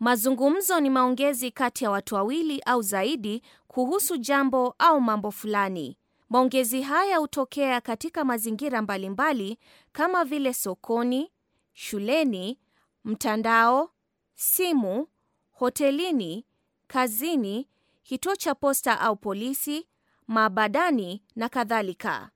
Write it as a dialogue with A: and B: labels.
A: Mazungumzo ni maongezi kati ya watu wawili au zaidi kuhusu jambo au mambo fulani. Maongezi haya hutokea katika mazingira mbalimbali kama vile sokoni, shuleni, mtandao, simu, hotelini, kazini, kituo cha posta au polisi, maabadani na kadhalika.